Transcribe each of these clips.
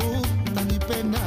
yangu tanipenda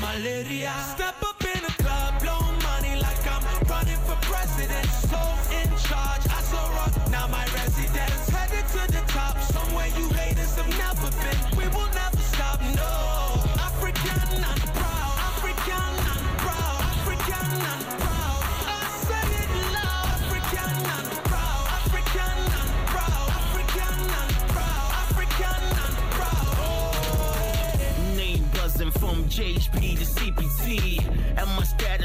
malaria.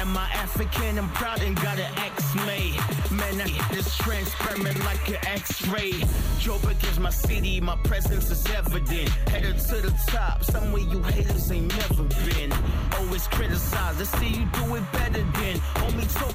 Am I African? I'm proud and got an X made. Man, I this transparent like an X ray. Joe is my city, my presence is evident. Headed to the top, somewhere you haters ain't never been. Always criticized, I see you do it better than. Only talk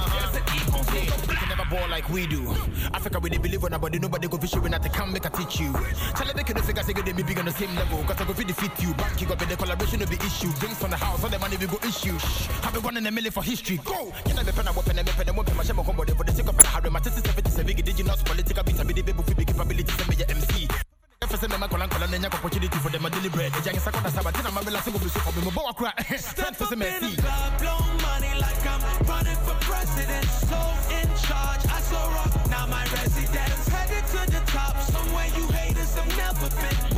like we do. Africa, we they believe on nobody, nobody go fish you when I can make a teach you. Tell them they can figure say they may be on the same level. Cause I go fit defeat you. Back you up in the collaboration will be issue. Drinks on the house, all the money we go issue. Shh, have been one in a million for history. Go! You know, the pen I weapon and weapon and be my shame on combo, for the sake of the Harry, my sister 77, did you not political beat, I be the baby, capability, send me your MC afese mema kola kola nenya ko opportunity for them deliberate eja ngisa kona sabati na mabela singo bisu ko bimbo wa kra step up in the club blow money like I'm running for president so in charge I so rock now my residence headed to the top somewhere you haters have never been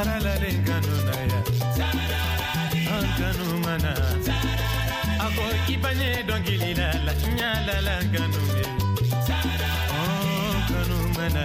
paralale ngano na ya ngano mana ako kibanye dongili la la nyala la ngano me oh mana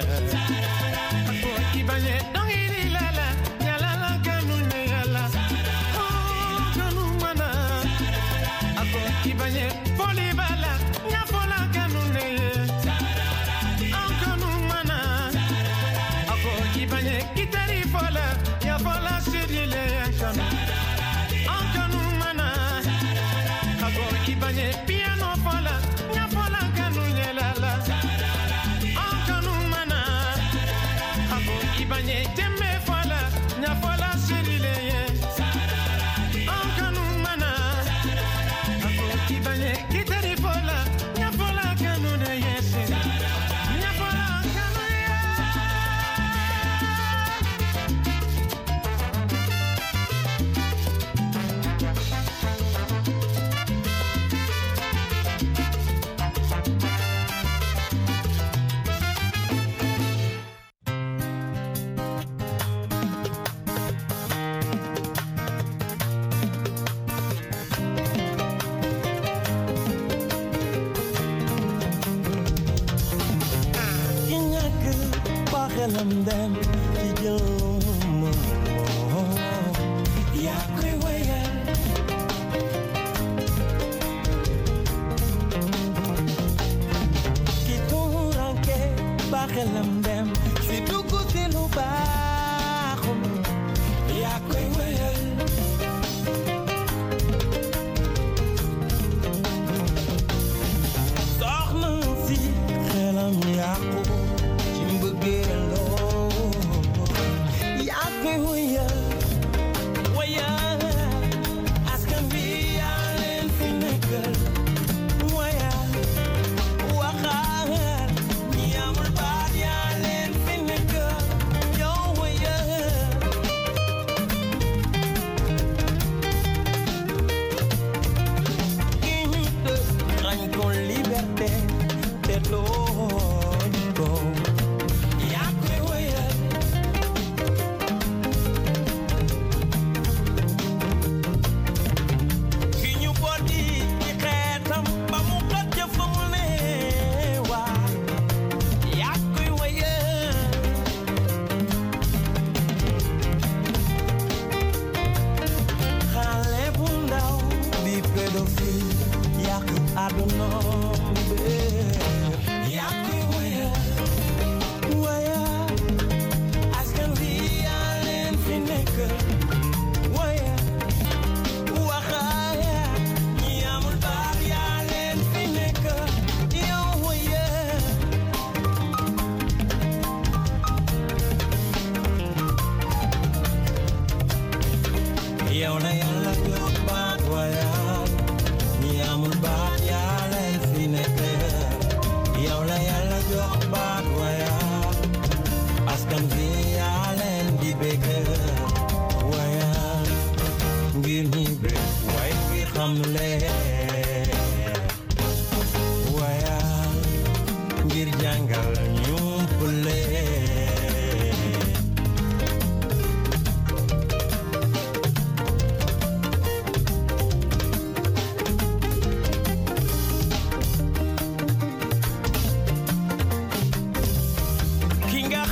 girl.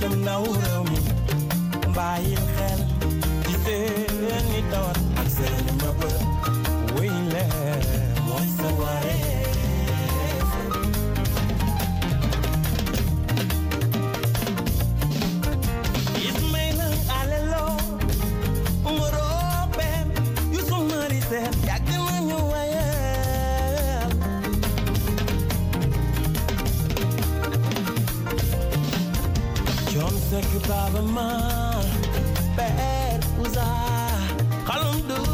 jëm ndaw réew mi bàyyil xel ci seeni ak seeni mooy sa waree You bad was I. Column do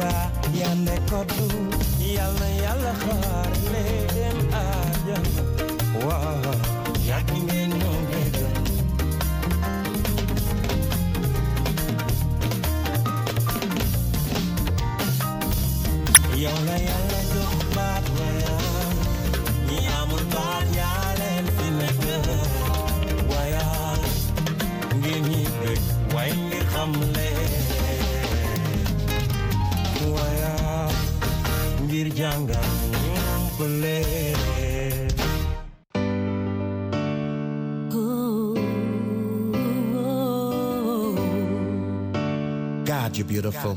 sa yande ko du yal na yàlla you're beautiful.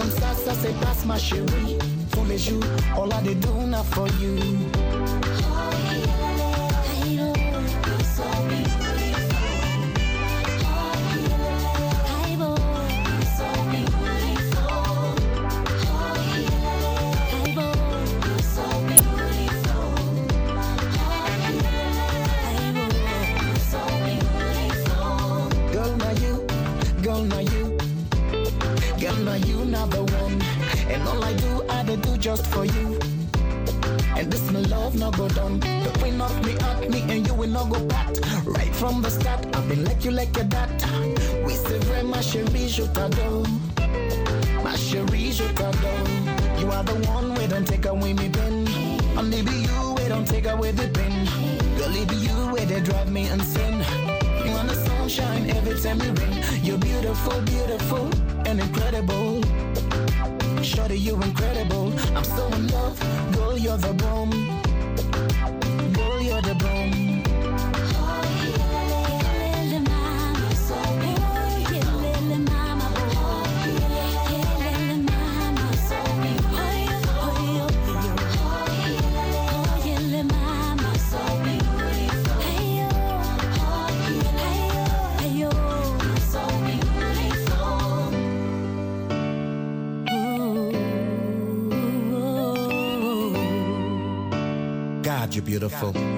Comme ça, ça se passe ma chérie Tous les jours, on I do now for you oh, yeah. And all I do, I do just for you. And this my love no go down. The queen of me up, me and you will not go back. Right from the start, I've been like you like a dad. We say very my chérie, je t'adore. My chérie, je t'adore. You are the one we don't take away me pen. Only be you we don't take away the pen. Girl, it be you where they drive me insane. You want the sunshine every time you rain. You're beautiful, beautiful, and incredible. Shorty, you are incredible. I'm so in love, girl, you're the bomb. you're beautiful.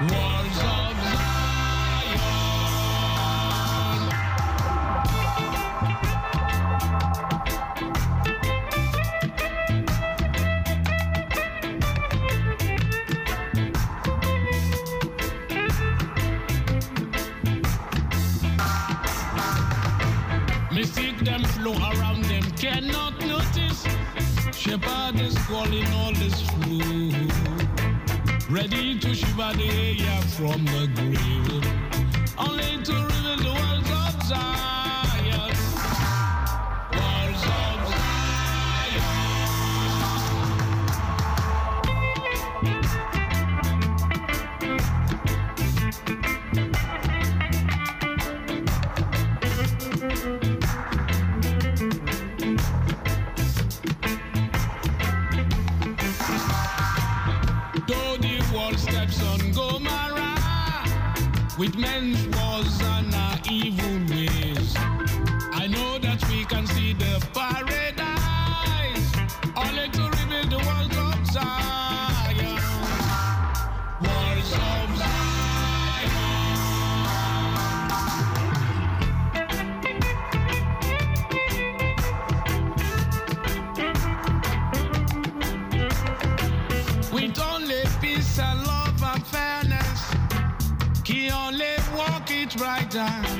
One. yeah, from the with men's was dime.